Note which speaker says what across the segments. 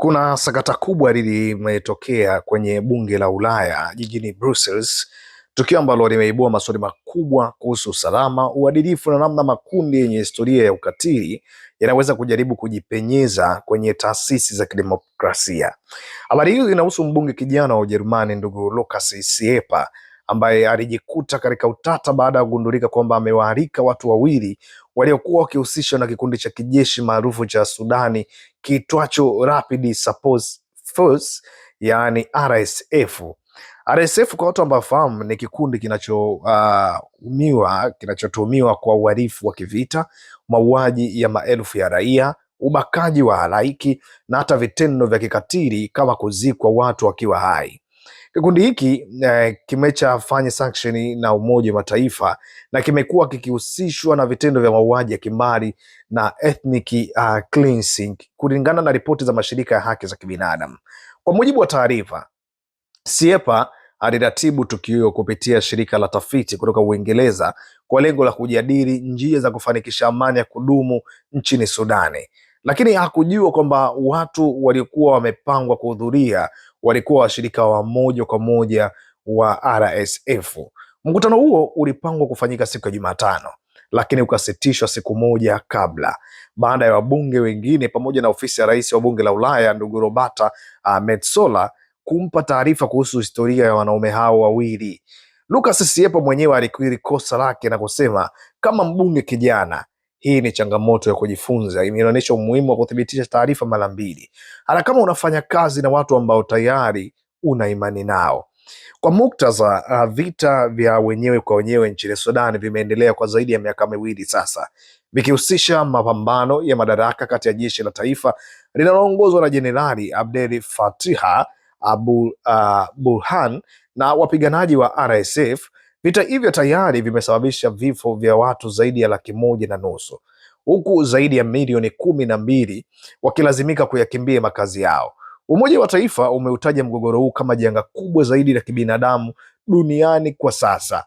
Speaker 1: Kuna sakata kubwa limetokea kwenye bunge la Ulaya jijini Brussels, tukio ambalo limeibua maswali makubwa kuhusu usalama, uadilifu na namna makundi yenye historia ya ukatili yanaweza kujaribu kujipenyeza kwenye taasisi za kidemokrasia. Habari hiyo inahusu mbunge kijana wa Ujerumani, ndugu Lucas Siepa ambaye alijikuta katika utata baada ya kugundulika kwamba amewaalika watu wawili waliokuwa wakihusishwa na kikundi cha kijeshi maarufu cha Sudani kitwacho Rapid Support Force, yaani RSF. RSF kwa watu ambao fahamu ni kikundi kinachoumiwa uh, kinachotumiwa kwa uhalifu wa kivita, mauaji ya maelfu ya raia, ubakaji wa halaiki na hata vitendo vya kikatili kama kuzikwa watu wakiwa hai. Kikundi hiki eh, kimeshafanya sanction na Umoja wa Mataifa na kimekuwa kikihusishwa na vitendo vya mauaji ya kimbari na ethnic uh, cleansing kulingana na ripoti za mashirika ya haki za kibinadamu. Kwa mujibu wa taarifa, Siepa aliratibu tukio kupitia shirika la tafiti kutoka Uingereza kwa lengo la kujadili njia za kufanikisha amani ya kudumu nchini Sudani, lakini hakujua kwamba watu waliokuwa wamepangwa kuhudhuria walikuwa washirika wa moja kwa moja wa RSF. Mkutano huo ulipangwa kufanyika siku ya Jumatano lakini ukasitishwa siku moja kabla baada ya wabunge wengine pamoja na ofisi ya rais wa bunge la Ulaya ndugu Roberta uh, Metsola kumpa taarifa kuhusu historia ya wanaume hao wawili. Lucas siepo mwenyewe alikiri kosa lake na kusema kama mbunge kijana hii ni changamoto ya kujifunza, inaonyesha umuhimu wa kuthibitisha taarifa mara mbili, hata kama unafanya kazi na watu ambao tayari una imani nao. Kwa muktadha uh, vita vya wenyewe kwa wenyewe nchini Sudan vimeendelea kwa zaidi ya miaka miwili sasa, vikihusisha mapambano ya madaraka kati ya jeshi la taifa linaloongozwa na Jenerali Abdel Fattah Abu uh, Burhan na wapiganaji wa RSF Vita hivyo tayari vimesababisha vifo vya watu zaidi ya laki moja na nusu huku zaidi ya milioni kumi na mbili wakilazimika kuyakimbia makazi yao. Umoja wa Mataifa umeutaja mgogoro huu kama janga kubwa zaidi la kibinadamu duniani kwa sasa.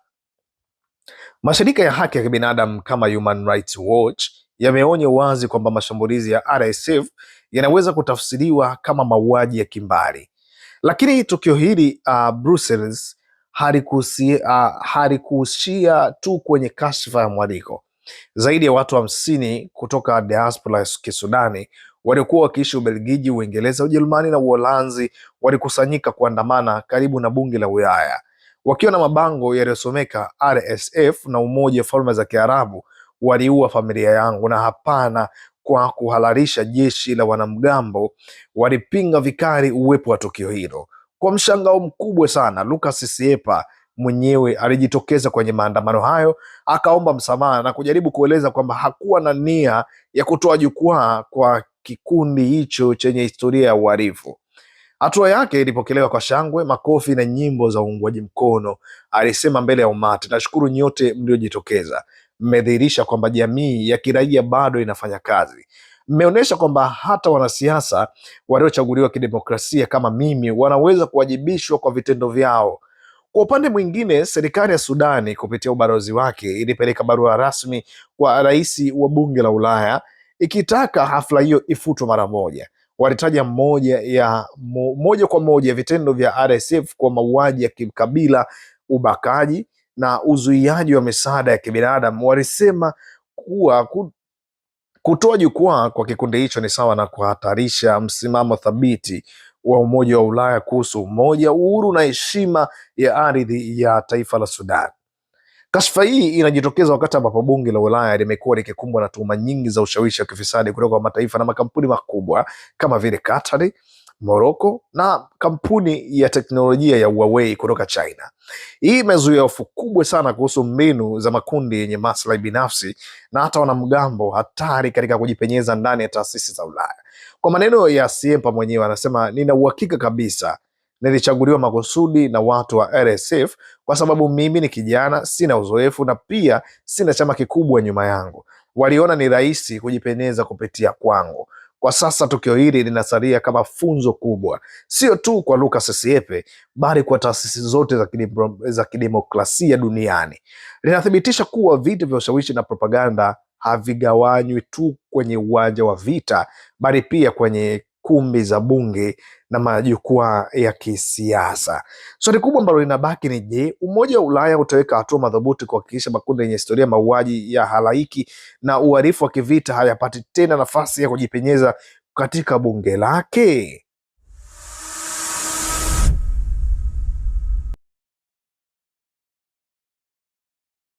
Speaker 1: Mashirika ya haki ya kibinadamu kama Human Rights Watch yameonya wazi kwamba mashambulizi ya RSF yanaweza kutafsiriwa kama mauaji ya kimbari, lakini tukio hili uh, Brussels halikuishia ah, tu kwenye kashfa ya mwaliko. Zaidi ya watu hamsini wa kutoka diaspora ya Kisudani waliokuwa wakiishi Ubelgiji, Uingereza, Ujerumani na Uholanzi walikusanyika kuandamana karibu na bunge la Ulaya wakiwa na mabango yaliyosomeka RSF na Umoja wa Falme za Kiarabu waliua familia yangu na hapana kwa kuhalalisha jeshi la wanamgambo. Walipinga vikali uwepo wa tukio hilo. Kwa mshangao mkubwa sana, Lucas Siepa mwenyewe alijitokeza kwenye maandamano hayo akaomba msamaha na kujaribu kueleza kwamba hakuwa na nia ya kutoa jukwaa kwa kikundi hicho chenye historia ya uhalifu. Hatua yake ilipokelewa kwa shangwe, makofi na nyimbo za uungwaji mkono. Alisema mbele ya umati, nashukuru nyote mliojitokeza, mmedhihirisha kwamba jamii ya kiraia bado inafanya kazi mmeonyesha kwamba hata wanasiasa waliochaguliwa kidemokrasia kama mimi wanaweza kuwajibishwa kwa vitendo vyao. Kwa upande mwingine, serikali ya Sudani kupitia ubalozi wake ilipeleka barua rasmi kwa rais wa bunge la Ulaya ikitaka hafla hiyo ifutwe mara moja. Walitaja moja ya moja kwa moja vitendo vya RSF kwa mauaji ya kikabila, ubakaji na uzuiaji wa misaada ya kibinadamu. Walisema kuwa Kutoa jukwaa kwa kikundi hicho ni sawa na kuhatarisha msimamo thabiti wa Umoja wa Ulaya kuhusu umoja, uhuru na heshima ya ardhi ya taifa la Sudan. Kashfa hii inajitokeza wakati ambapo bunge la Ulaya limekuwa likikumbwa na tuhuma nyingi za ushawishi wa kifisadi kutoka kwa mataifa na makampuni makubwa kama vile Katari, Morocco na kampuni ya teknolojia ya Huawei kutoka China. Hii imezuia hofu kubwa sana kuhusu mbinu za makundi yenye maslahi binafsi na hata wanamgambo hatari katika kujipenyeza ndani ya taasisi za Ulaya. Kwa maneno ya Siempa mwenyewe, anasema nina uhakika kabisa nilichaguliwa makusudi na watu wa RSF kwa sababu mimi ni kijana, sina uzoefu na pia sina chama kikubwa nyuma yangu. Waliona ni rahisi kujipenyeza kupitia kwangu. Kwa sasa tukio hili linasalia kama funzo kubwa, sio tu kwa Lucas Siepe, bali kwa taasisi zote za, kidipro, za kidemokrasia duniani. Linathibitisha kuwa vita vya ushawishi na propaganda havigawanywi tu kwenye uwanja wa vita, bali pia kwenye kumbi za bunge na majukwaa ya kisiasa. Swali so, kubwa ambalo linabaki ni je, Umoja wa Ulaya utaweka hatua madhubuti kuhakikisha makundi yenye historia mauaji ya halaiki na uhalifu wa kivita hayapati tena nafasi ya kujipenyeza katika bunge lake?